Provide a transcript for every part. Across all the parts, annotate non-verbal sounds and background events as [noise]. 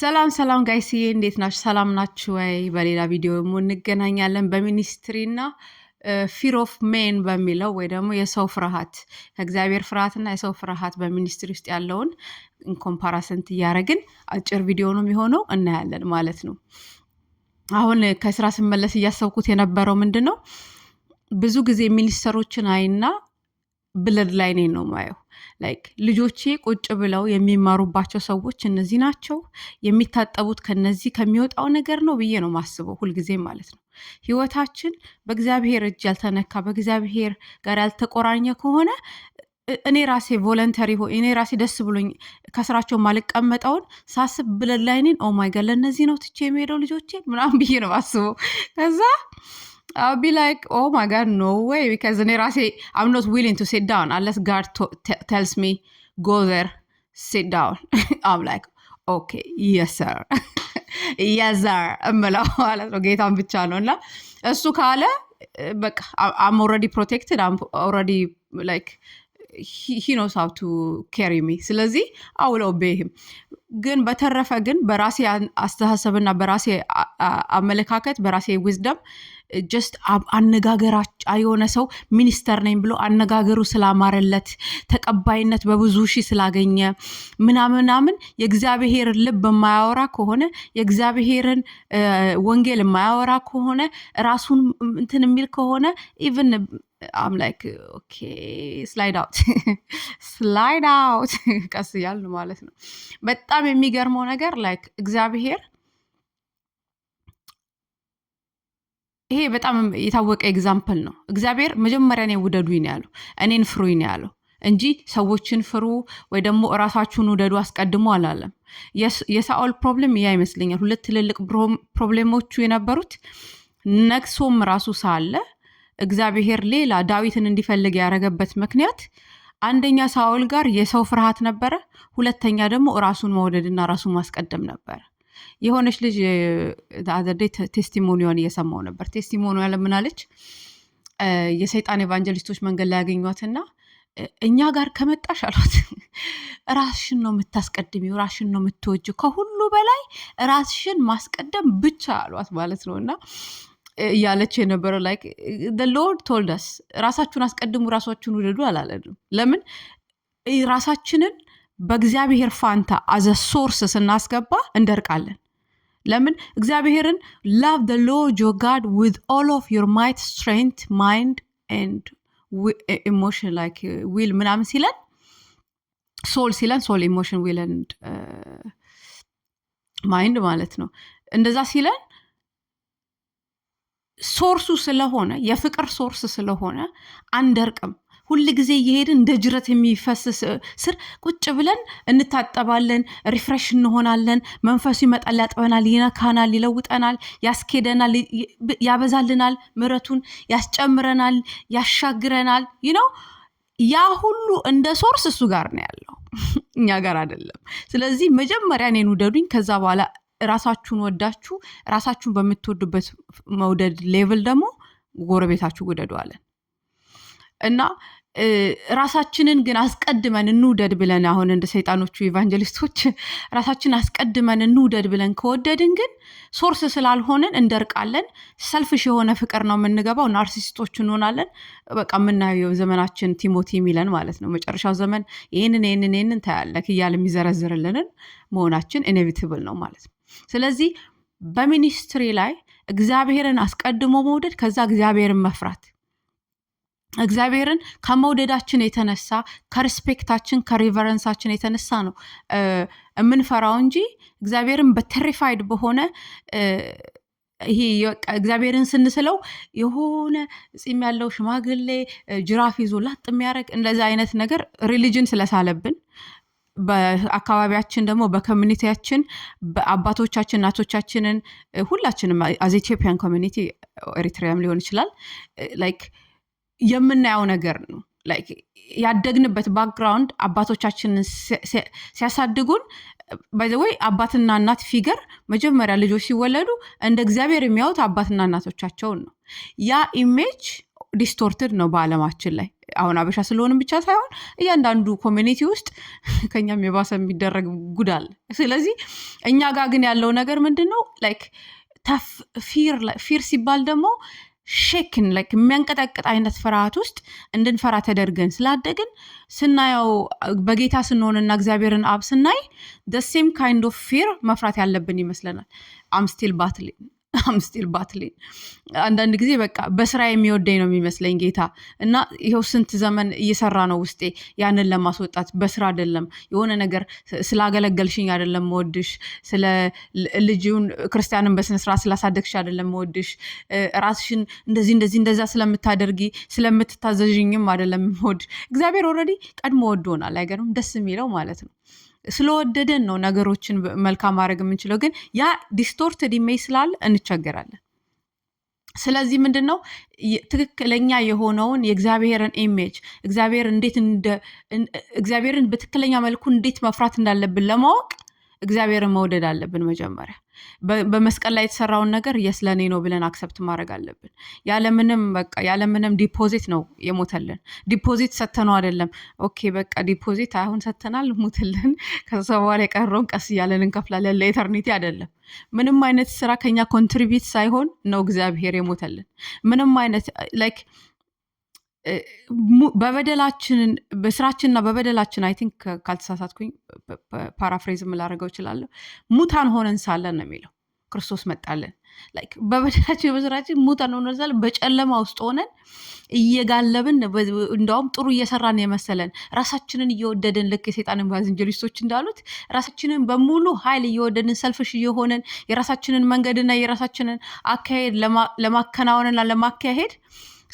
ሰላም ሰላም ጋይስዬ እንዴት ናችሁ? ሰላም ናችሁ ወይ? በሌላ ቪዲዮ ደግሞ እንገናኛለን። በሚኒስትሪና ፊር ኦፍ ሜን በሚለው ወይ ደግሞ የሰው ፍርሃት ከእግዚአብሔር ፍርሃትና የሰው ፍርሃት በሚኒስትሪ ውስጥ ያለውን ኮምፓራሰንት እያደረግን አጭር ቪዲዮ ነው የሚሆነው እናያለን ማለት ነው። አሁን ከስራ ስመለስ እያሰብኩት የነበረው ምንድን ነው ብዙ ጊዜ ሚኒስተሮችን አይና ብለድ ላይኔ ነው ማየው። ላይክ ልጆቼ ቁጭ ብለው የሚማሩባቸው ሰዎች እነዚህ ናቸው፣ የሚታጠቡት ከነዚህ ከሚወጣው ነገር ነው ብዬ ነው ማስበው ሁልጊዜም ማለት ነው። ህይወታችን በእግዚአብሔር እጅ ያልተነካ በእግዚአብሔር ጋር ያልተቆራኘ ከሆነ እኔ ራሴ ቮለንተሪ ሆ እኔ ራሴ ደስ ብሎኝ ከስራቸው ማልቀመጠውን ሳስብ ብለድ ላይኔን ኦማይጋ ለእነዚህ ነው ትቼ የሚሄደው ልጆቼ ምናምን ብዬ ነው ማስበው ከዛ I'll be like, oh my God, no way. Because then I say, I'm not willing to sit down unless God tells me, go there, sit down. [laughs] I'm like, ኦኬ የሰር የዘር እምለው ማለት ነው። ጌታን ብቻ ነው እና እሱ ካለ በቃ አም ኦልሬዲ ፕሮቴክትድ አም ኦልሬዲ ላይክ ሂ ኖስ ሃው ቱ ኬሪ ሚ ስለዚህ አውለው ቤህም ግን በተረፈ ግን በራሴ አስተሳሰብና በራሴ አመለካከት በራሴ ዊዝደም ጀስት አነጋገር የሆነ ሰው ሚኒስተር ነኝ ብሎ አነጋገሩ ስላማረለት ተቀባይነት በብዙ ሺህ ስላገኘ ምናምናምን የእግዚአብሔርን ልብ የማያወራ ከሆነ የእግዚአብሔርን ወንጌል የማያወራ ከሆነ ራሱን እንትን የሚል ከሆነ ኢቨን አም ላይክ ኦኬ ስላይድ አውት ስላይድ አውት ቀስ እያልን ማለት ነው። በጣም የሚገርመው ነገር ላይክ እግዚአብሔር ይሄ በጣም የታወቀ ኤግዛምፕል ነው። እግዚአብሔር መጀመሪያ እኔ ውደዱኝ ነው ያለው፣ እኔን ፍሩኝ ነው ያለው እንጂ ሰዎችን ፍሩ ወይ ደግሞ እራሳችሁን ውደዱ አስቀድሞ አላለም። የሳኦል ፕሮብሌም ያ ይመስለኛል። ሁለት ትልልቅ ፕሮብሌሞቹ የነበሩት ነግሶም ራሱ ሳለ እግዚአብሔር ሌላ ዳዊትን እንዲፈልግ ያደረገበት ምክንያት አንደኛ ሳኦል ጋር የሰው ፍርሃት ነበረ፣ ሁለተኛ ደግሞ ራሱን መውደድና ራሱን ማስቀደም ነበረ። የሆነች ልጅ አዘርዴ ቴስቲሞኒዋን እየሰማው ነበር። ቴስቲሞኒዋ ለምናለች የሰይጣን ኤቫንጀሊስቶች መንገድ ላይ ያገኟትና እኛ ጋር ከመጣሽ አሏት፣ [laughs] ራስሽን ነው የምታስቀድሚው፣ ራስሽን ነው የምትወጅ፣ ከሁሉ በላይ ራስሽን ማስቀደም ብቻ አሏት ማለት ነው እና እያለች የነበረው ላይክ ሎርድ ቶልዳስ ራሳችሁን አስቀድሙ፣ ራሳችሁን ውደዱ አላለንም። ለምን ራሳችንን በእግዚአብሔር ፋንታ አዘ ሶርስ ስናስገባ እንደርቃለን። ለምን እግዚአብሔርን ላቭ ደ ሎርድ ዮር ጋድ ዊዝ ኦል ኦፍ ዮር ማይት ስትሬንት ማይንድ ኤንድ ኢሞሽን ላይክ ዊል ምናምን ሲለን ሶል ሲለን ሶል ኢሞሽን ዊል ኤንድ ማይንድ ማለት ነው። እንደዛ ሲለን ሶርሱ ስለሆነ የፍቅር ሶርስ ስለሆነ አንደርቅም። ሁል ጊዜ እየሄድን እንደ ጅረት የሚፈስስ ስር ቁጭ ብለን እንታጠባለን፣ ሪፍሬሽ እንሆናለን። መንፈሱ ይመጣል፣ ያጥበናል፣ ይነካናል፣ ይለውጠናል፣ ያስኬደናል፣ ያበዛልናል፣ ምረቱን ያስጨምረናል፣ ያሻግረናል። ይነው ያ ሁሉ እንደ ሶርስ እሱ ጋር ነው ያለው፣ [laughs] እኛ ጋር አይደለም። ስለዚህ መጀመሪያ እኔን ውደዱኝ፣ ከዛ በኋላ ራሳችሁን ወዳችሁ ራሳችሁን በምትወዱበት መውደድ ሌቭል ደግሞ ጎረቤታችሁ ውደዱ አለን እና ራሳችንን ግን አስቀድመን እንውደድ ብለን አሁን እንደ ሰይጣኖቹ ኢቫንጀሊስቶች ራሳችን አስቀድመን እንውደድ ብለን ከወደድን ግን ሶርስ ስላልሆንን እንደርቃለን። ሰልፍሽ የሆነ ፍቅር ነው የምንገባው፣ ናርሲስቶች እንሆናለን። በቃ የምናየው ዘመናችን ቲሞቲ የሚለን ማለት ነው። መጨረሻው ዘመን ይህንን ይህንን ይህንን ታያለክ እያለ የሚዘረዝርልንን መሆናችን ኢኔቪትብል ነው ማለት ነው። ስለዚህ በሚኒስትሪ ላይ እግዚአብሔርን አስቀድሞ መውደድ፣ ከዛ እግዚአብሔርን መፍራት እግዚአብሔርን ከመውደዳችን የተነሳ ከሪስፔክታችን ከሪቨረንሳችን የተነሳ ነው የምንፈራው እንጂ እግዚአብሔርን በተሪፋይድ በሆነ ይሄ እግዚአብሔርን ስንስለው የሆነ ፂም ያለው ሽማግሌ ጅራፍ ይዞ ላጥ የሚያደርግ እንደዚ አይነት ነገር ሪሊጅን ስለሳለብን በአካባቢያችን ደግሞ በኮሚኒቲያችን በአባቶቻችን እናቶቻችንን ሁላችንም አዝ ኢትዮጵያን ኮሚኒቲ ኤሪትሪያም ሊሆን ይችላል ላይክ የምናየው ነገር ነው። ያደግንበት ባክግራውንድ አባቶቻችንን ሲያሳድጉን ባይዘወይ አባትና እናት ፊገር መጀመሪያ ልጆች ሲወለዱ እንደ እግዚአብሔር የሚያዩት አባትና እናቶቻቸውን ነው። ያ ኢሜጅ ዲስቶርትድ ነው በአለማችን ላይ አሁን አበሻ ስለሆንም ብቻ ሳይሆን እያንዳንዱ ኮሚኒቲ ውስጥ ከኛም የባሰ የሚደረግ ጉዳል። ስለዚህ እኛ ጋር ግን ያለው ነገር ምንድን ነው? ፊር ሲባል ደግሞ ሼክን ላይክ የሚያንቀጠቅጥ አይነት ፍርሃት ውስጥ እንድንፈራ ተደርገን ስላደግን ስናየው በጌታ ስንሆንና እግዚአብሔርን አብ ስናይ ደሴም ካይንድ ኦፍ ፌር መፍራት ያለብን ይመስለናል። አምስቴል ባትሌ አምስቲል ባትሌ አንዳንድ ጊዜ በቃ በስራ የሚወደኝ ነው የሚመስለኝ ጌታ እና ይኸው ስንት ዘመን እየሰራ ነው ውስጤ ያንን ለማስወጣት በስራ አይደለም የሆነ ነገር ስላገለገልሽኝ አይደለም መወድሽ ስለ ልጅን ክርስቲያንን በስነስርዓት ስላሳደግሽ አይደለም መወድሽ ራስሽን እንደዚህ እንደዚህ እንደዛ ስለምታደርጊ ስለምትታዘዥኝም አይደለም መወድሽ እግዚአብሔር ኦልሬዲ ቀድሞ ወዶናል አይገርም ደስ የሚለው ማለት ነው ስለወደደን ነው ነገሮችን መልካም ማድረግ የምንችለው። ግን ያ ዲስቶርትድ ኢሜጅ ስላለ እንቸገራለን። ስለዚህ ምንድን ነው ትክክለኛ የሆነውን የእግዚአብሔርን ኢሜጅ እግዚአብሔር እንዴት እግዚአብሔርን በትክክለኛ መልኩ እንዴት መፍራት እንዳለብን ለማወቅ እግዚአብሔርን መውደድ አለብን መጀመሪያ። በመስቀል ላይ የተሰራውን ነገር የስ ለእኔ ነው ብለን አክሰብት ማድረግ አለብን። ያለምንም በቃ ያለምንም ዲፖዚት ነው የሞተልን። ዲፖዚት ሰተነው አይደለም። ኦኬ በቃ ዲፖዚት አሁን ሰተናል፣ ሙትልን፣ ከዛ በኋላ የቀረውን ቀስ እያለን እንከፍላለን። ለኢተርኒቲ አይደለም። ምንም አይነት ስራ ከኛ ኮንትሪቢት ሳይሆን ነው እግዚአብሔር የሞተልን። ምንም አይነት ላይክ በበደላችንን በስራችንና በበደላችን አይ ቲንክ ካልተሳሳትኩኝ ፓራፍሬዝ ላደርገው እችላለሁ። ሙታን ሆነን ሳለን ነው የሚለው ክርስቶስ መጣለን። በበደላችን በስራችን ሙታን ሆነን ሳለን በጨለማ ውስጥ ሆነን እየጋለብን እንዲያውም ጥሩ እየሰራን የመሰለን ራሳችንን እየወደድን ልክ የሴጣን ባዝንጀሊስቶች እንዳሉት ራሳችንን በሙሉ ኃይል እየወደድን ሰልፍሽ እየሆነን የራሳችንን መንገድና የራሳችንን አካሄድ ለማከናወንና ለማካሄድ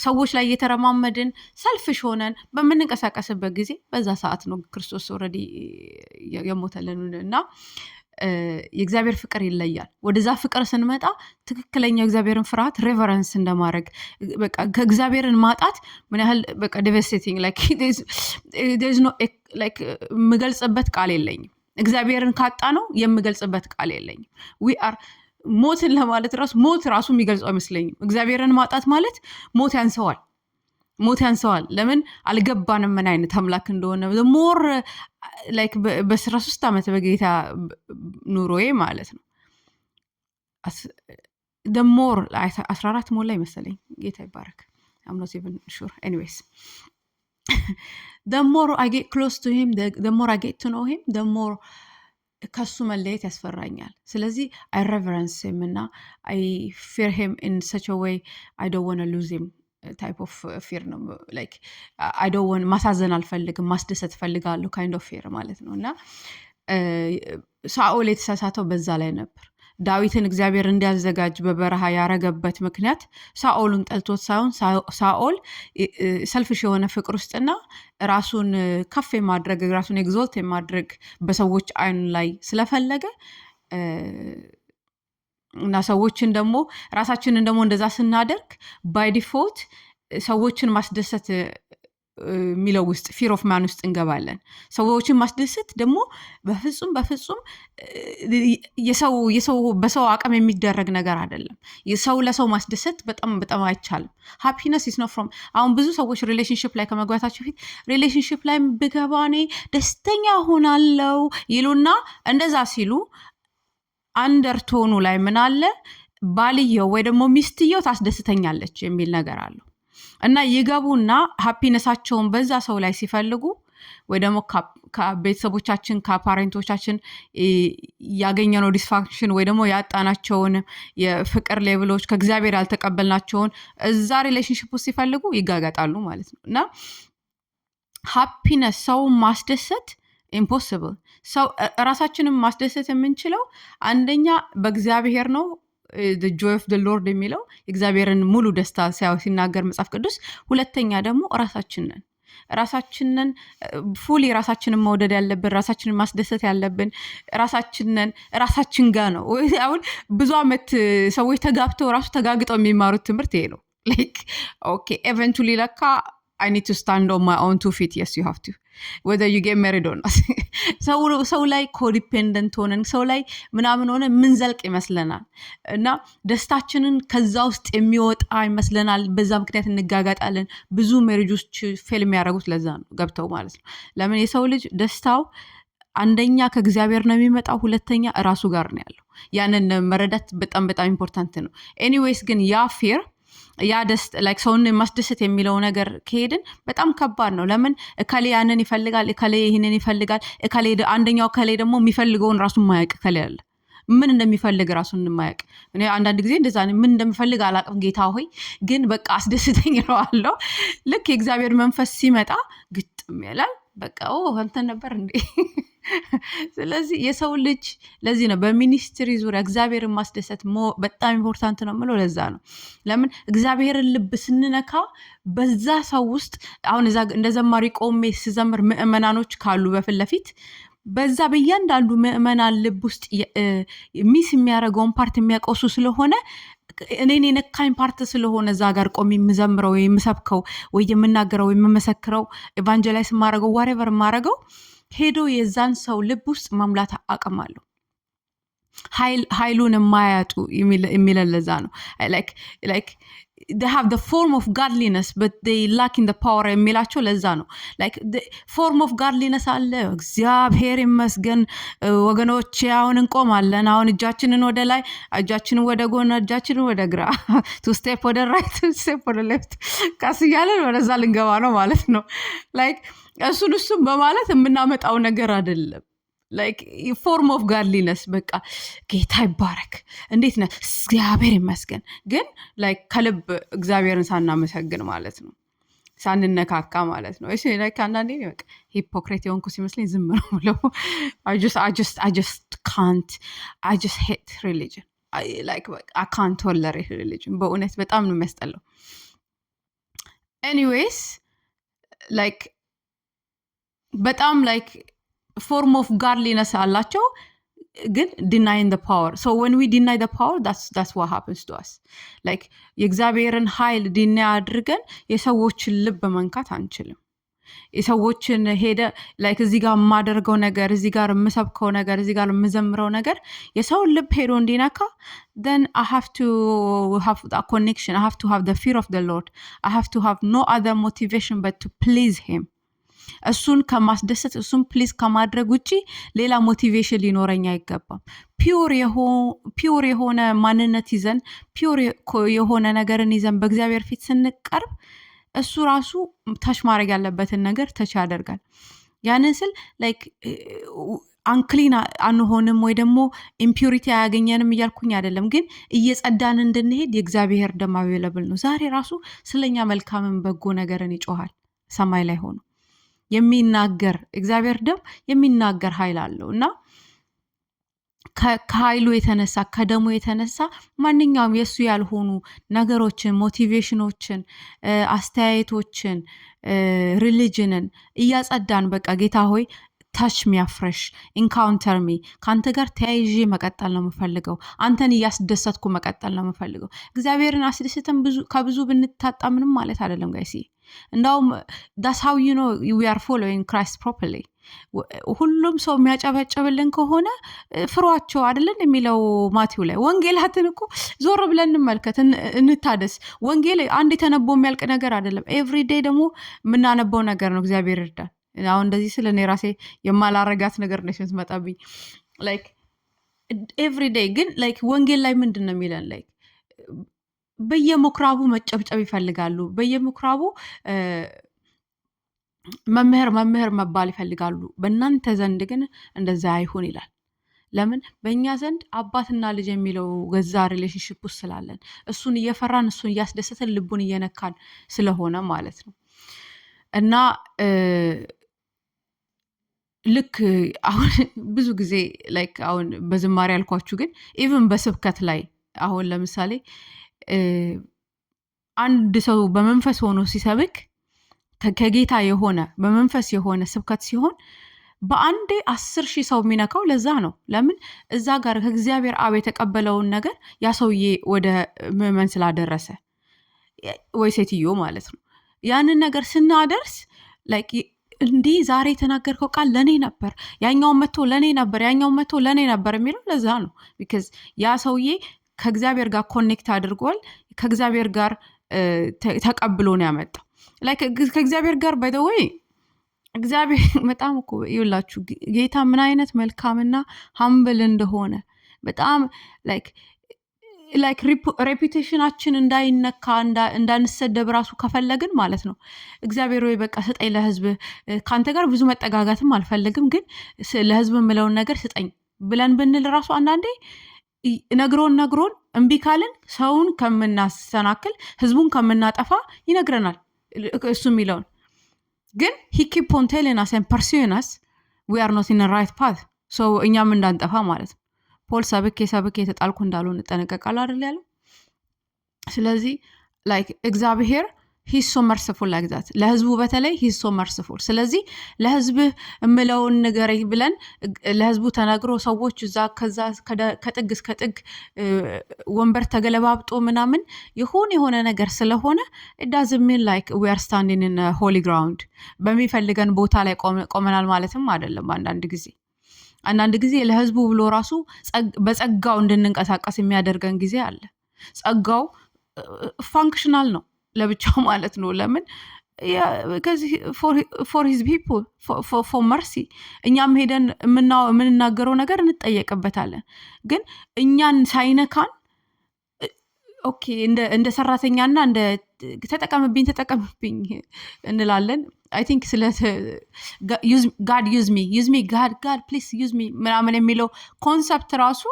ሰዎች ላይ እየተረማመድን ሰልፍሽ ሆነን በምንንቀሳቀስበት ጊዜ በዛ ሰዓት ነው ክርስቶስ ኦልሬዲ የሞተልን እና የእግዚአብሔር ፍቅር ይለያል። ወደዛ ፍቅር ስንመጣ ትክክለኛው እግዚአብሔርን ፍርሃት ሬቨረንስ እንደማድረግ ከእግዚአብሔርን ማጣት ምን ያህል በቃ ዲቨስቲንግ [laughs] የምገልጽበት ቃል የለኝም። እግዚአብሔርን ካጣ ነው የምገልጽበት ቃል የለኝም። ዊ አር ሞትን ለማለት ራሱ ሞት ራሱ የሚገልጸው አይመስለኝም። እግዚአብሔርን ማጣት ማለት ሞት ያንሰዋል፣ ሞት ያንሰዋል። ለምን አልገባንም ምን አይነት አምላክ እንደሆነ ሞር ላይክ በአስራ ሶስት ዓመት በጌታ ኑሮዬ ማለት ነው ደሞር አስራ አራት ሞላ ይመስለኝ ጌታ ይባረክ። አምኖት ኢቨን ሹር ኤኒዌይስ ደሞር አይ ጌት ክሎስ ቱ ሂም ደሞር አይ ጌት ቱ ኖ ሂም ደሞር ከሱ መለየት ያስፈራኛል። ስለዚህ አይ ሬቨረንስ ሂም እና አይ ፌር ሄም ኢን ሰች ወይ አይ ዶንት ዋን ሉዝ ሂም ታይፕ ኦፍ ፌር ነው። ላይክ አይ ዶንት ወን ማሳዘን አልፈልግም፣ ማስደሰት እፈልጋለሁ። ካይንድ ኦፍ ፌር ማለት ነው እና ሳኦል የተሳሳተው በዛ ላይ ነበር። ዳዊትን እግዚአብሔር እንዲያዘጋጅ በበረሃ ያረገበት ምክንያት ሳኦልን ጠልቶት ሳይሆን ሳኦል ሰልፍሽ የሆነ ፍቅር ውስጥና ራሱን ከፍ የማድረግ ራሱን ኤግዞልት የማድረግ በሰዎች አይኑ ላይ ስለፈለገ እና ሰዎችን ደግሞ ራሳችንን ደግሞ እንደዛ ስናደርግ ባይ ዲፎልት ሰዎችን ማስደሰት የሚለው ውስጥ ፊር ኦፍ ማን ውስጥ እንገባለን። ሰዎችን ማስደሰት ደግሞ በፍጹም በፍጹም የሰው የሰው በሰው አቅም የሚደረግ ነገር አይደለም። ሰው ለሰው ማስደሰት በጣም በጣም አይቻልም። ሃፒነስ ኢዝ ኖት ፍሮም አሁን ብዙ ሰዎች ሪሌሽንሽፕ ላይ ከመግባታቸው ፊት ሪሌሽንሽፕ ላይ ብገባ እኔ ደስተኛ ሆናለው ይሉና እንደዛ ሲሉ አንደርቶኑ ላይ ምን አለ ባልየው ወይ ደግሞ ሚስትየው ታስደስተኛለች የሚል ነገር አለው። እና ይገቡና ሀፒነሳቸውን በዛ ሰው ላይ ሲፈልጉ ወይ ደግሞ ከቤተሰቦቻችን ከፓሬንቶቻችን ያገኘነው ዲስፋንክሽን ወይ ደግሞ ያጣናቸውን የፍቅር ሌብሎች ከእግዚአብሔር ያልተቀበልናቸውን እዛ ሪሌሽንሽፕ ውስጥ ሲፈልጉ ይጋጋጣሉ ማለት ነው እና ሀፒነስ ሰውን ማስደሰት ኢምፖስብል ሰው ራሳችንን ማስደሰት የምንችለው አንደኛ በእግዚአብሔር ነው። ጆይ ኦፍ ሎርድ የሚለው እግዚአብሔርን ሙሉ ደስታ ሲናገር መጽሐፍ ቅዱስ። ሁለተኛ ደግሞ ራሳችን ነን ራሳችንን ፉሊ ራሳችንን መውደድ ያለብን ራሳችንን ማስደሰት ያለብን ራሳችንን ራሳችን ጋር ነው። አሁን ብዙ ዓመት ሰዎች ተጋብተው ራሱ ተጋግጠው የሚማሩት ትምህርት ይሄ ነው። ላይክ ኦኬ ኤቨንቹሊ ለካ አይ ኒድ ቱ ስታንድ ኦን ማይ ኦን ቱ ፊት የስ ዩ ሃቭ ቱ ወደ ዩ ጌት ሜሪድ ሰው ላይ ኮዲፔንደንት ሆነን ሰው ላይ ምናምን ሆነ ምንዘልቅ ይመስለናል እና ደስታችንን ከዛ ውስጥ የሚወጣ ይመስለናል። በዛ ምክንያት እንጋጋጣለን። ብዙ ሜሪጆች ፌል የሚያደርጉት ለዛ ነው፣ ገብተው ማለት ነው። ለምን የሰው ልጅ ደስታው አንደኛ ከእግዚአብሔር ነው የሚመጣው፣ ሁለተኛ እራሱ ጋር ነው ያለው። ያንን መረዳት በጣም በጣም ኢምፖርታንት ነው። ኤኒዌይስ ግን ያ ፌር ያ ደስ ላይክ ሰውን ማስደሰት የሚለው ነገር ከሄድን በጣም ከባድ ነው። ለምን እከሌ ያንን ይፈልጋል፣ እከሌ ይህንን ይፈልጋል፣ እከሌ አንደኛው እከሌ ደግሞ የሚፈልገውን ራሱ ማያውቅ እከሌ አለ ምን እንደሚፈልግ ራሱን የማያውቅ አንዳንድ ጊዜ እንደዛ ምን እንደሚፈልግ አላቅም ጌታ ሆይ ግን በቃ አስደስተኝ እለዋለሁ። ልክ የእግዚአብሔር መንፈስ ሲመጣ ግጥም ይላል። በቃ እንትን ነበር እንዴ [laughs] ስለዚህ የሰው ልጅ ለዚህ ነው በሚኒስትሪ ዙሪያ እግዚአብሔርን ማስደሰት በጣም ኢምፖርታንት ነው የምለው ለዛ ነው። ለምን እግዚአብሔርን ልብ ስንነካ በዛ ሰው ውስጥ አሁን እንደ ዘማሪ ቆሜ ስዘምር ምዕመናኖች ካሉ በፊት ለፊት በዛ በእያንዳንዱ ምዕመናን ልብ ውስጥ ሚስ የሚያደርገውን ፓርት የሚያቆሱ ስለሆነ እኔን የነካኝ ፓርት ስለሆነ እዛ ጋር ቆሜ የምዘምረው የምሰብከው ወይ የምናገረው የምመሰክረው ኤቫንጀላይስ ማድረገው ዋሬቨር ማድረገው ሄዶ የዛን ሰው ልብ ውስጥ መሙላት አቅም አለው። ኃይሉን የማያጡ የሚለለዛ ነው ላይክ ሃቭ ፎርም ኦፍ ጋድሊነስ በት ላክ ኢን ፓወር የሚላቸው ለዛ ነው። ፎርም ኦፍ ጋድሊነስ አለ። እግዚአብሔር ይመስገን ወገኖች፣ አሁን እንቆማለን። አሁን እጃችንን ወደ ላይ፣ እጃችንን ወደ ጎን፣ እጃችንን ወደ ግራ፣ ቱ [laughs] ስቴፕ ወደ ራይት፣ ቱ ስቴፕ ወደ ሌፍት፣ ቀስ እያለን ወደዛ ልንገባ ነው ማለት ነው ላይክ እሱን እሱም በማለት የምናመጣው ነገር አይደለም። ላይክ ፎርም ኦፍ ጋድሊነስ በቃ ጌታ ይባረክ፣ እንዴት ነ እግዚአብሔር ይመስገን። ግን ላይክ ከልብ እግዚአብሔርን ሳናመሰግን ማለት ነው፣ ሳንነካካ ማለት ነው። እሺ ላይክ አንዳንዴ በቃ ሂፖክሬት የሆንኩ ሲመስለኝ ዝም ነው ብለው አጀስት ካንት አጀስት ሄት ሪሊጅን ላይክ አካንት ወለሬት ሪሊጅን በእውነት በጣም ነው የሚያስጠላው። ኤኒዌይስ ላይክ በጣም ላይክ ፎርም ኦፍ ጋድሊነስ አላቸው ግን ዲናይን ደ ፓወር ሶ ወን ዊ ዲናይ ደ ፓወር ዳስ ዋ ሀፕንስ ቱ አስ ላይክ የእግዚአብሔርን ኃይል ዲናይ አድርገን የሰዎችን ልብ መንካት አንችልም። የሰዎችን ሄደ ላይክ እዚህ ጋር የማደርገው ነገር እዚህ ጋር የምሰብከው ነገር እዚህ ጋር የምዘምረው ነገር የሰውን ልብ ሄዶ እንዲነካ ን ኮኔክሽን ሀፍ ቱ ሀፍ ፊር ኦፍ ሎርድ ሀፍ ቱ ሀፍ ኖ አዘር ሞቲቬሽን በት ቱ ፕሊዝ ሂም እሱን ከማስደሰት እሱን ፕሊዝ ከማድረግ ውጭ ሌላ ሞቲቬሽን ሊኖረኝ አይገባም። ፒውር የሆነ ማንነት ይዘን ፒውር የሆነ ነገርን ይዘን በእግዚአብሔር ፊት ስንቀርብ እሱ ራሱ ታች ማድረግ ያለበትን ነገር ተች ያደርጋል። ያንን ስል ላይክ አንክሊን አንሆንም ወይ ደግሞ ኢምፒሪቲ አያገኘንም እያልኩኝ አይደለም፣ ግን እየጸዳን እንድንሄድ የእግዚአብሔር ደም አቬለብል ነው። ዛሬ ራሱ ስለኛ መልካምን በጎ ነገርን ይጮሃል ሰማይ ላይ ሆኖ የሚናገር እግዚአብሔር ደም የሚናገር ኃይል አለው እና ከኃይሉ የተነሳ ከደሙ የተነሳ ማንኛውም የእሱ ያልሆኑ ነገሮችን፣ ሞቲቬሽኖችን፣ አስተያየቶችን፣ ሪሊጅንን እያጸዳን በቃ ጌታ ሆይ ታች ሚ አፍረሽ ኢንካውንተር ሚ ከአንተ ጋር ተያይዤ መቀጠል ነው የምፈልገው። አንተን እያስደሰትኩ መቀጠል ነው የምፈልገው። እግዚአብሔርን አስደስተን ከብዙ ብንታጣ ምንም ማለት አይደለም ጋይሲ እንዳውም ዳስ ዳሳው ዩ ኖ ዊ አር ፎሎዊንግ ክራይስት ፕሮፐርሊ ሁሉም ሰው የሚያጨበጭብልን ከሆነ ፍሯቸው አይደለን የሚለው ማቴው ላይ ወንጌላትን እኮ ዞር ብለን እንመልከት፣ እንታደስ። ወንጌል አንድ የተነቦ የሚያልቅ ነገር አይደለም። ኤቭሪዴ ደግሞ የምናነበው ነገር ነው። እግዚአብሔር ይርዳል። አሁን እንደዚህ ስለ እኔ ራሴ የማላረጋት ነገር ነች የምትመጣብኝ። ላይክ ኤቭሪ ኤቭሪዴ ግን ላይክ ወንጌል ላይ ምንድን ነው የሚለን ላይክ በየምኩራቡ መጨብጨብ ይፈልጋሉ። በየምኩራቡ መምህር መምህር መባል ይፈልጋሉ። በእናንተ ዘንድ ግን እንደዛ አይሁን ይላል። ለምን በእኛ ዘንድ አባትና ልጅ የሚለው ገዛ ሪሌሽንሽፕ ውስጥ ስላለን እሱን እየፈራን እሱን እያስደሰትን ልቡን እየነካን ስለሆነ ማለት ነው እና ልክ አሁን ብዙ ጊዜ ላይክ አሁን በዝማሬ ያልኳችሁ ግን ኢቨን በስብከት ላይ አሁን ለምሳሌ አንድ ሰው በመንፈስ ሆኖ ሲሰብክ ከጌታ የሆነ በመንፈስ የሆነ ስብከት ሲሆን በአንዴ አስር ሺህ ሰው የሚነካው ለዛ ነው። ለምን እዛ ጋር ከእግዚአብሔር አብ የተቀበለውን ነገር ያ ሰውዬ ወደ ምዕመን ስላደረሰ ወይ ሴትዮ ማለት ነው። ያንን ነገር ስናደርስ እንዲህ ዛሬ የተናገርከው ቃል ለእኔ ነበር፣ ያኛው መቶ ለእኔ ነበር፣ ያኛው መቶ ለእኔ ነበር የሚለው ለዛ ነው። ቢካዝ ያ ሰውዬ ከእግዚአብሔር ጋር ኮኔክት አድርጓል ከእግዚአብሔር ጋር ተቀብሎ ነው ያመጣው። ከእግዚአብሔር ጋር በደወይ እግዚአብሔር [laughs] በጣም እኮ ይላችሁ ጌታ ምን አይነት መልካምና ሀምብል እንደሆነ በጣም ላይክ ላይክ ሬፒቴሽናችን እንዳይነካ እንዳንሰደብ ራሱ ከፈለግን ማለት ነው። እግዚአብሔር ወይ በቃ ስጠኝ ለህዝብ፣ ከአንተ ጋር ብዙ መጠጋጋትም አልፈልግም፣ ግን ለህዝብ የምለውን ነገር ስጠኝ ብለን ብንል ራሱ አንዳንዴ ነግሮን ነግሮን እምቢ ካልን ሰውን ከምናሰናክል ህዝቡን ከምናጠፋ ይነግረናል። እሱ የሚለውን ግን ሂኪፕ ፖንቴሌናስ ን ፐርሲዩናስ ዊአር ኖት ኢን ራይት ፓት እኛም እንዳንጠፋ ማለት ነው። ፖል ሰብኬ ሰብኬ የተጣልኩ እንዳሉ እንጠነቀቃሉ አደል ያለው። ስለዚህ ላይክ እግዚአብሔር ሂሶ መርስፉል ላይክ ለህዝቡ በተለይ ሂሶ መርስፉል። ስለዚህ ለህዝብህ እምለውን ንገረኝ ብለን ለህዝቡ ተነግሮ ሰዎች እዛ ከዛ ከጥግ እስከ ጥግ ወንበር ተገለባብጦ ምናምን ይሁን የሆነ ነገር ስለሆነ እዳዝሚን ላይክ ዌር ስታንዲን ሆሊ ግራውንድ በሚፈልገን ቦታ ላይ ቆመናል ማለትም አይደለም። አንዳንድ ጊዜ አንዳንድ ጊዜ ለህዝቡ ብሎ ራሱ በጸጋው እንድንንቀሳቀስ የሚያደርገን ጊዜ አለ። ጸጋው ፋንክሽናል ነው። ለብቻው [laughs] ማለት ነው። ለምን ከዚህ ፎር ሂዝ ፒፕል ፎር መርሲ እኛም ሄደን የምንናገረው ነገር እንጠየቅበታለን። ግን እኛን ሳይነካን ኦኬ እንደ ሰራተኛና እንደ ተጠቀምብኝ ተጠቀምብኝ እንላለን። አይ ቲንክ ስለ ጋድ ዩዝ ሚ ዩዝ ሚ ጋድ ጋድ ፕሊስ ዩዝ ሚ ምናምን የሚለው ኮንሰፕት ራሱ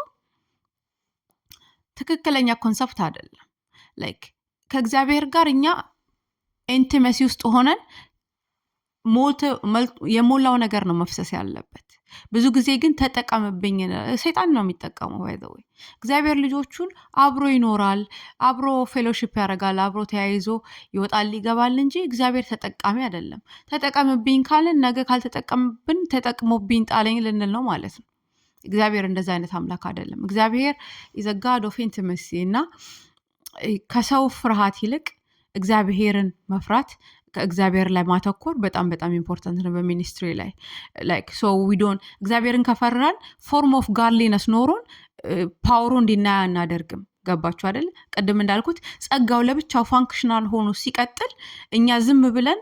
ትክክለኛ ኮንሰፕት አይደለም ላይክ ከእግዚአብሔር ጋር እኛ ኢንቲመሲ ውስጥ ሆነን የሞላው ነገር ነው መፍሰስ ያለበት። ብዙ ጊዜ ግን ተጠቀምብኝ ሰይጣን ነው የሚጠቀመው። ይዘወይ እግዚአብሔር ልጆቹን አብሮ ይኖራል፣ አብሮ ፌሎሺፕ ያደርጋል፣ አብሮ ተያይዞ ይወጣል ይገባል እንጂ እግዚአብሔር ተጠቃሚ አይደለም። ተጠቀምብኝ ካልን ነገ ካልተጠቀምብን ተጠቅሞብኝ ጣለኝ ልንል ነው ማለት ነው። እግዚአብሔር እንደዚ አይነት አምላክ አይደለም። እግዚአብሔር ኢዘጋዶፌ እና ከሰው ፍርሃት ይልቅ እግዚአብሔርን መፍራት ከእግዚአብሔር ላይ ማተኮር በጣም በጣም ኢምፖርታንት ነው። በሚኒስትሪ ላይ ላይክ ሶ ዊዶን እግዚአብሔርን ከፈራን ፎርም ኦፍ ጋርሊነስ ኖሮን ፓወሩ እንዲናያ እናደርግም ገባችሁ አይደል? ቅድም እንዳልኩት ጸጋው ለብቻው ፋንክሽናል ሆኖ ሲቀጥል እኛ ዝም ብለን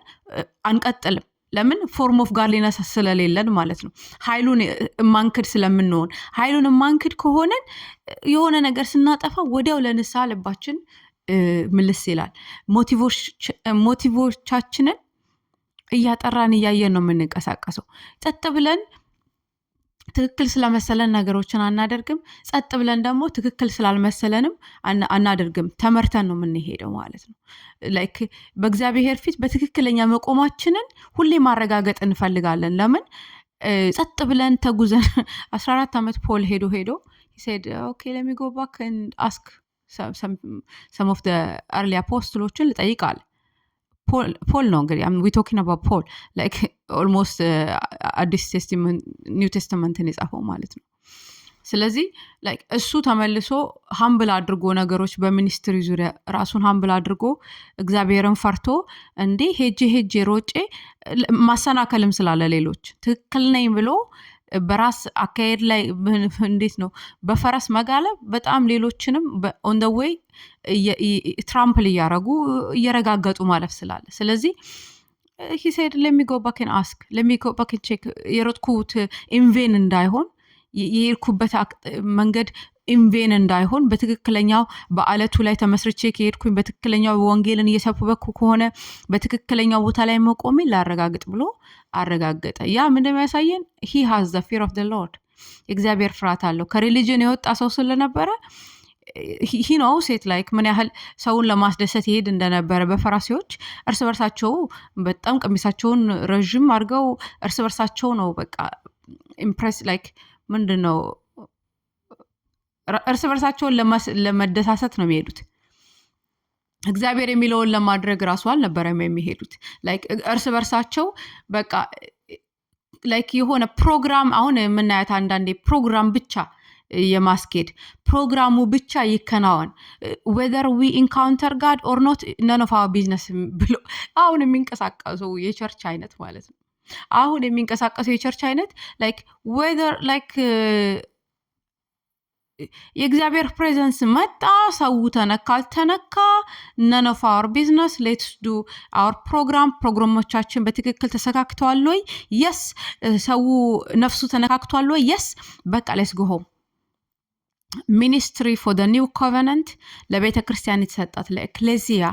አንቀጥልም። ለምን ፎርም ኦፍ ጋድሊነስ ስለሌለን ማለት ነው። ኃይሉን እማንክድ ስለምንሆን ኃይሉን እማንክድ ከሆነን የሆነ ነገር ስናጠፋ ወዲያው ለንስሐ ልባችን ምልስ ይላል። ሞቲቮቻችንን እያጠራን እያየን ነው የምንንቀሳቀሰው። ጸጥ ብለን ትክክል ስለመሰለን ነገሮችን አናደርግም። ጸጥ ብለን ደግሞ ትክክል ስላልመሰለንም አናደርግም። ተመርተን ነው የምንሄደው ማለት ነው። ላይክ በእግዚአብሔር ፊት በትክክለኛ መቆማችንን ሁሌ ማረጋገጥ እንፈልጋለን። ለምን ጸጥ ብለን ተጉዘን [laughs] አስራ አራት ዓመት ፖል ሄዶ ሄዶ ሴድ ኦኬ ለሚጎባክ አስክ ሰም ኦፍ አርሊ አፖስትሎችን ልጠይቃል ፖል Paul ነው እንግዲህ ዊ ቶኪንግ አባውት ፖል ላይክ ኦልሞስት አዲስ ቴስቲመንት ኒው ቴስቲመንትን የጻፈው ማለት ነው። ስለዚህ ላይክ እሱ ተመልሶ ሀምብል አድርጎ ነገሮች በሚኒስትሪ ዙሪያ ራሱን ሀምብል አድርጎ እግዚአብሔርን ፈርቶ እንዴ ሄጄ ሄጄ ሮጬ ማሰናከልም ስላለ ሌሎች ትክክል ነኝ ብሎ በራስ አካሄድ ላይ እንዴት ነው በፈረስ መጋለብ በጣም ሌሎችንም ኦን ደ ዌይ ትራምፕል እያረጉ እየረጋገጡ ማለፍ ስላለ ስለዚህ ሂሴድ ለሚጎባክን አስክ ለሚጎባክን ቼክ የሮጥኩት ኢንቬን እንዳይሆን የሄድኩበት መንገድ ኢንቬን እንዳይሆን በትክክለኛው በአለቱ ላይ ተመስርቼ ከሄድኩኝ በትክክለኛው ወንጌልን እየሰበኩ ከሆነ በትክክለኛው ቦታ ላይ መቆሜ ላረጋግጥ ብሎ አረጋገጠ። ያ ምን እንደሚያሳየን ሂ ሃዝ ዘ ፊር ኦፍ ዘ ሎርድ እግዚአብሔር ፍርሃት አለው። ከሪሊጅን የወጣ ሰው ስለነበረ ነው ሴት ላይክ ምን ያህል ሰውን ለማስደሰት ይሄድ እንደነበረ በፈራሲዎች እርስ በርሳቸው በጣም ቀሚሳቸውን ረዥም አድርገው እርስ በርሳቸው ነው በቃ ኢምፕሬስ ላይክ ምንድን ነው እርስ በርሳቸውን ለመደሳሰት ነው የሚሄዱት። እግዚአብሔር የሚለውን ለማድረግ ራሱ አልነበረም የሚሄዱት። እርስ በርሳቸው በቃ ላይክ የሆነ ፕሮግራም አሁን የምናያት አንዳንዴ ፕሮግራም ብቻ የማስኬድ ፕሮግራሙ ብቻ ይከናወን ወዘር ዊ ኢንካውንተር ጋድ ኦር ኖት ቢዝነስ ብሎ አሁን የሚንቀሳቀሱ የቸርች አይነት ማለት ነው። አሁን የሚንቀሳቀሱ የቸርች አይነት ላይክ ወዘር ላይክ የእግዚአብሔር ፕሬዘንስ መጣ። ሰው ተነካ አልተነካ ነን ኦፍ አወር ቢዝነስ ሌትስ ዱ አወር ፕሮግራም። ፕሮግራሞቻችን በትክክል ተሰካክተዋል ወይ? የስ ሰው ነፍሱ ተነካክቷል ወይ? የስ በቃ ሌስ ሚኒስትሪ ፎር ደ ኒው ኮቨነንት ለቤተ ክርስቲያን የተሰጣት ለኤክሌዚያ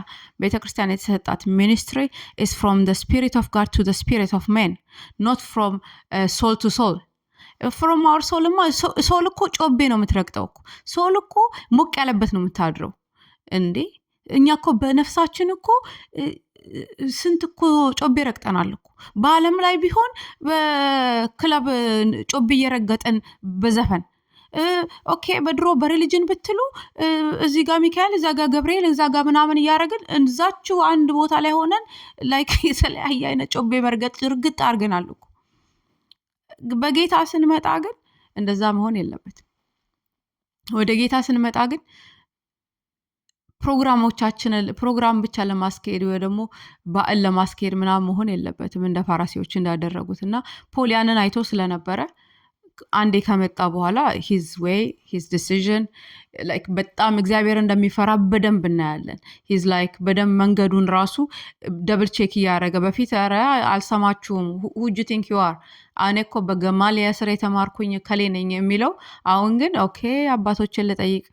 ቤተ ክርስቲያን የተሰጣት ሚኒስትሪ ኢስ ፍሮም ደ ስፒሪት ኦፍ ጋድ ቱ ደ ስፒሪት ኦፍ ሜን ኖት ፍሮም ሶል ቱ ሶል ፍሮም አወር ሶልማ ሶል እኮ ጮቤ ነው የምትረግጠው እኮ ሶል እኮ ሞቅ ያለበት ነው የምታድረው እንዴ። እኛ እኮ በነፍሳችን እኮ ስንት እኮ ጮቤ ረግጠናል እኮ በአለም ላይ ቢሆን በክለብ ጮቤ እየረገጠን በዘፈን ኦኬ በድሮ በሪሊጅን ብትሉ እዚህ ጋ ሚካኤል እዛ ጋ ገብርኤል እዛ ጋ ምናምን እያደረግን እዛችሁ አንድ ቦታ ላይ ሆነን ላይክ የተለያየ አይነት ጮቤ መርገጥ ርግጥ አድርገናል እኮ በጌታ ስንመጣ ግን እንደዛ መሆን የለበትም። ወደ ጌታ ስንመጣ ግን ፕሮግራሞቻችንን ፕሮግራም ብቻ ለማስካሄድ ወይ ደግሞ በዓል ለማስካሄድ ምናምን መሆን የለበትም እንደ ፋራሲዎች እንዳደረጉት እና ፖል ያንን አይቶ ስለነበረ አንዴ ከመጣ በኋላ ሂዝ ዌይ ሂዝ ዲሲዥን ላይክ በጣም እግዚአብሔር እንደሚፈራ በደንብ እናያለን። ሂዝ ላይክ በደንብ መንገዱን ራሱ ደብል ቼክ እያደረገ በፊት ኧረ አልሰማችሁም ሁጅ ቲንክ ዩአር እኔ እኮ በገማልያል ስር የተማርኩኝ ከሌ ነኝ የሚለው አሁን ግን ኦኬ አባቶችን ልጠይቅ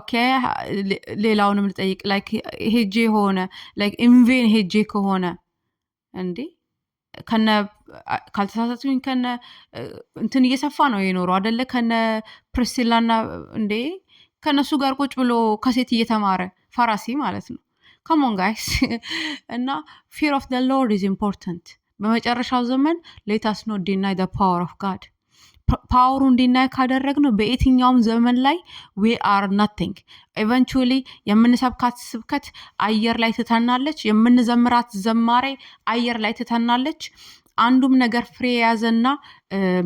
ኦኬ ሌላውንም ልጠይቅ ላይክ ሄጄ ሆነ ላይክ ኢንቬን ሄጄ ከሆነ እንዴ ከነ ካልተሳሳትኩኝ ከነ እንትን እየሰፋ ነው የኖረው አደለ? ከነ ፕሪስላና እንዴ ከነሱ ጋር ቁጭ ብሎ ከሴት እየተማረ ፋራሲ ማለት ነው። ከሞን ጋይስ [laughs] እና ፊር ኦፍ ደ ሎርድ ኢዝ ኢምፖርታንት። በመጨረሻው ዘመን ሌታስ ኖት ዲናይ ፓወር ኦፍ ጋድ ፓወሩ እንዲናይ ካደረግ ነው በየትኛውም ዘመን ላይ ዊ አር ናቲንግ። ኤቨንቹሊ የምንሰብካት ስብከት አየር ላይ ትተናለች። የምንዘምራት ዘማሬ አየር ላይ ትተናለች። አንዱም ነገር ፍሬ የያዘና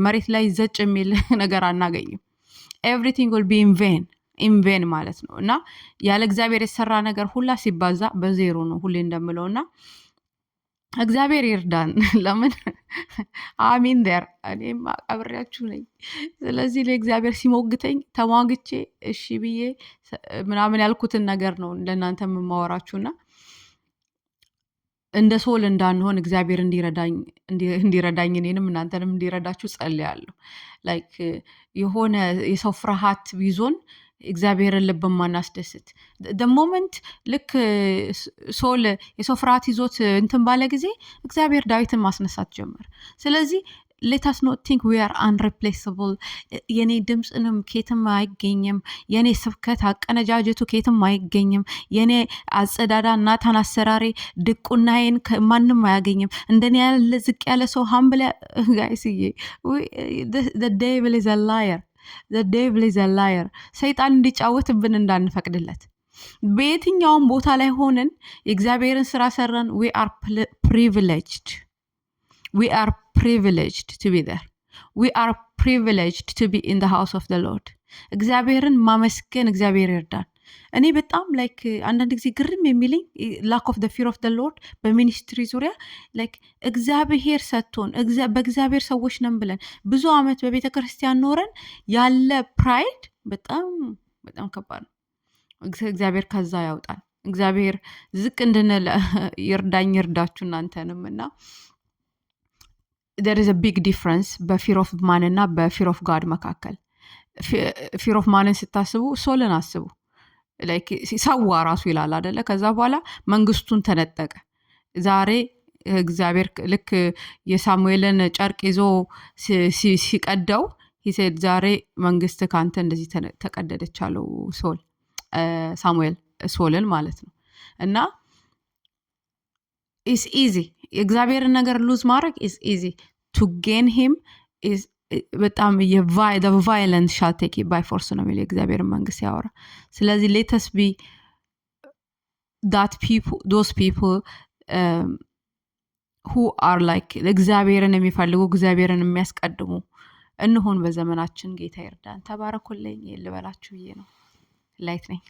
መሬት ላይ ዘጭ የሚል [laughs] ነገር አናገኝም። ኤቭሪቲንግ ል ቢ ኢንቬን ኢንቬን ማለት ነው እና ያለ እግዚአብሔር የተሰራ ነገር ሁላ ሲባዛ በዜሮ ነው ሁሌ እንደምለው እና እግዚአብሔር ይርዳን። [laughs] ለምን አሚን ደር እኔም አብሬያችሁ ነኝ። ስለዚህ ለእግዚአብሔር ሲሞግተኝ ተሟግቼ እሺ ብዬ ምናምን ያልኩትን ነገር ነው ለእናንተ የምማወራችሁና እንደ ሶል እንዳንሆን እግዚአብሔር እንዲረዳኝ እኔንም እናንተንም እንዲረዳችሁ ጸልያለሁ። ላይክ የሆነ የሰው ፍርሃት ቢዞን እግዚአብሔርን ልብ ማናስደስት ሞመንት ልክ ሶል የሰው ፍርሃት ይዞት እንትን ባለ ጊዜ እግዚአብሔር ዳዊትን ማስነሳት ጀመር። ስለዚህ ሌታስ ኖት ቲንክ ዊ አር አንሪፕሌስብል። የኔ ድምፅንም ኬትም አይገኝም። የኔ ስብከት አቀነጃጀቱ ኬትም አይገኝም። የኔ አጸዳዳ እናታን አሰራሬ ድቁናዬን ማንም አያገኝም። እንደኔ ያለ ዝቅ ያለ ሰው ሀምብለ ጋይስዬ ደብል ዴቪል ላየር ዘ ዴቭል ኢዝ ኤ ላየር ሰይጣን እንዲጫወትብን እንዳንፈቅድለት። በየትኛውም ቦታ ላይ ሆነን የእግዚአብሔርን ስራ ሰራን። ዊ አር ፕሪቪሌጅድ ዊ አር ፕሪቪሌጅድ ቱ ቢ ዘር ዊ አር ፕሪቪሌጅድ ቱ ቢ ኢን ዘ ሃውስ ኦፍ ዘ ሎርድ። እግዚአብሔርን ማመስገን እግዚአብሔር ይርዳን። እኔ በጣም ላይክ አንዳንድ ጊዜ ግርም የሚለኝ ላክ ኦፍ ፊር ኦፍ ሎርድ በሚኒስትሪ ዙሪያ ላይክ እግዚአብሔር ሰጥቶን በእግዚአብሔር ሰዎች ነን ብለን ብዙ አመት በቤተ ክርስቲያን ኖረን ያለ ፕራይድ በጣም በጣም ከባድ ነው። እግዚአብሔር ከዛ ያውጣል። እግዚአብሔር ዝቅ እንድንል [laughs] ይርዳኝ፣ ይርዳችሁ እናንተንም እና ዜር ኢዝ ቢግ ዲፍረንስ በፊር ኦፍ ማን እና በፊር ኦፍ ጋድ መካከል። ፊር ኦፍ ማንን ስታስቡ ሶልን አስቡ። ሰዋ ራሱ ይላል አደለ? ከዛ በኋላ መንግስቱን ተነጠቀ። ዛሬ እግዚአብሔር ልክ የሳሙኤልን ጨርቅ ይዞ ሲቀደው ሂሴድ ዛሬ መንግስት ከአንተ እንደዚህ ተቀደደች አለው ሶል ሳሙኤል ሶልን ማለት ነው። እና ኢስ ኢዚ የእግዚአብሔርን ነገር ሉዝ ማድረግ ኢስ ኢዚ ቱ ጌን ሂም በጣም ቫይለንት ሻል ቴክ ባይ ፎርስ ነው የሚለው የእግዚአብሔር መንግስት ያወራ። ስለዚህ ሌተስ ቢ ዳት ዶስ ፒፕል ሁ አር ላይክ እግዚአብሔርን የሚፈልጉ እግዚአብሔርን የሚያስቀድሙ እንሆን በዘመናችን። ጌታ ይርዳን። ተባረኩልኝ ልበላችሁ ብዬ ነው። ላይት ነኝ።